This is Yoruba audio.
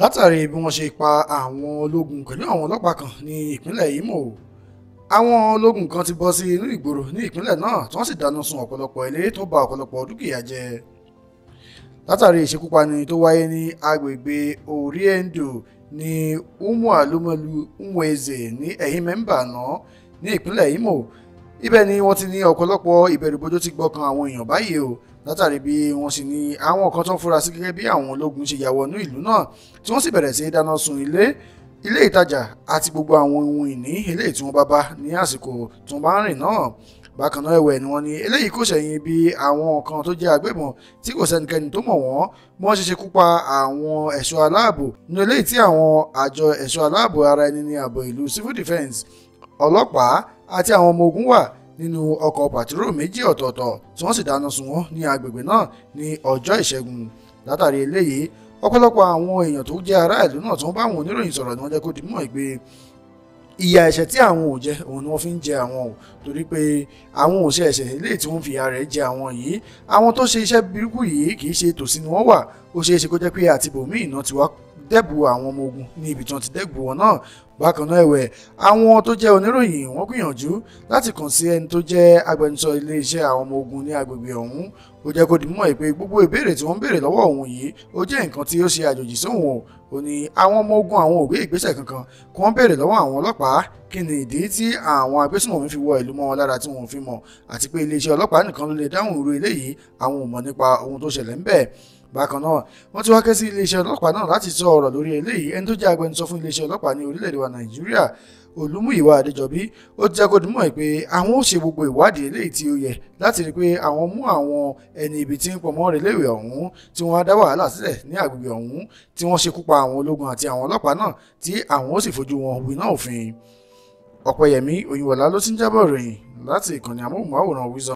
látàrí bí wọ́n ṣe pa àwọn ológun pẹ̀lú àwọn ọlọ́pàá kan ní ìpínlẹ̀ Imo àwọn ológun kan ti bọ́ sí inú ìgboro ní ìpínlẹ̀ náà tí wọ́n sì dáná sun ọ̀pọ̀lọpọ̀ ilé tó ba ọ̀pọ̀lọpọ̀ dúkìá jẹ látàrí ìṣekúpani tó wáyé ní agbègbè Oriendo ní Umualumelu Umueze ní ẹ̀yìn mẹ́ńbà náà ní ìpínlẹ̀ Imo ibẹ̀ ni wọ́n ti ní ọ̀pọ̀lọpọ̀ ìbẹ̀rùbojo ti gbọkàn àwọn èèyàn báyìí o látàrí bí wọ́n sì ní àwọn kan tó ń fura sí gẹ́gẹ́ bí àwọn ológun ṣe yà wọnú ìlú náà tí wọ́n sì bẹ̀rẹ̀ sí í dáná sun ilé ilé ìtajà àti gbogbo àwọn ohun ìní eléyìí tí wọ́n bá bá ní àsìkò tí wọ́n bá ń rìn náà bákan náà ẹ̀wẹ̀ ni wọ́n ní eléyìí kò ṣẹ̀yìn bí àwọn kan tó jẹ́ agbébọn tí kò sẹ́nikẹ́ni tó mọ̀ wọ́n bí wọ́n ṣe ṣekú pa àwọn ẹ̀ṣọ́ aláàbò nínú eléyìí tí àwọn àjọ ẹ̀ṣọ́ aláàbò ara ẹni ní ààbò ìlú civil defence ọlọ́pàá àti àwọn ọmọ ogun wà nínú ọkọ̀ pàtírò méjì ọ̀tọ̀ọ̀tọ̀ tí wọ́n sì dáná sun wọ́n ní agbègbè náà ní ọjọ́ ìṣẹ́gun látàrí eléyìí ọ̀pọ̀lọpọ̀ àwọn èèyàn tó jẹ́ aráàlú náà tó ń bá àwọn oníròyìn sọ̀rọ̀ ni wọ́n jẹ́ kó di mọ̀ pé ìyà ẹ̀ṣẹ̀ tí àwọn ò jẹ òun ni wọ́n fi ń jẹ àwọn o torí pé àwọn ò ṣe ẹ̀ṣẹ̀ eléyìí tí wọ́n fi ìyà rẹ̀ jẹ àwọn yìí àwọn tó ṣe iṣẹ́ burúkú yìí kì í ṣe tòsí ni wọ́n wà ó ṣeé ṣe kó jẹ́ pé àtibòmí ìná ti wá dẹ́bù àwọn ọmọ ogun ní ibi tí wọ́n ti dẹ́bù wọn náà bákan ẹ̀wẹ̀ àwọn tó jẹ́ oníròyìn wọ́n gbìyànjú láti kàn sí ẹni tó jẹ́ agbẹnusọ iléeṣẹ́ àwọn ọmọ ogun ní agbègbè ọ̀hún ó jẹ́ kó di mímọ̀ pé gbogbo ìbéèrè tí wọ́n ń béèrè lọ́wọ́ òun yìí ó jẹ́ nǹkan tí ó ṣe àjòjì sóhun ó ní àwọn ọmọ ogun àwọn ò ìgbésẹ̀ kankan kí wọ́n béèrè lọ́wọ́ àwọn ọlọ́pàá kí ni ìdí tí àwọn agbésùnmọ̀mí fi wọ ìlú mọ́ wọn lára tí wọn ò fi mọ̀ àti pé iléeṣẹ́ ọlọ́pàá nìkan ló lè dáhùn irú eléyìí àwọn ò mọ̀ nípa ohun tó ṣẹlẹ̀ ńbẹ̀ bákan náà wọ́n ti wá ké sí iléeṣẹ́ ọlọ́pàá náà láti sọ ọ̀rọ̀ lórí eléyìí ẹni tó jẹ́ agbẹnusọ fún iléeṣẹ́ ọlọ́pàá ní orílẹ̀-èdè wa nàìjíríà olúmúyìwá adéjọbí ó ti jẹ́ kó dimọ̀ pé àwọn ò ṣe gbogbo ìwádìí eléyìí tí ó yẹ láti rí i pé àwọn mú àwọn ẹni ibi tí ń pọ̀ mọ́ reléwé ọ̀hún tí wọ́n á dá wàhálà sílẹ̀ ní agbègbè ọ̀hún tí wọ́n ṣekú pa àwọn ológun àti àwọn ọlọ́pàá náà tí àwọn ó sì fojú wọn winá òfin ọ̀pẹyẹmí òyìnbọ̀lá ló ti ń jábọ̀ ròyìn láti ìkànnì amóhùnmáwòrán Wisdom.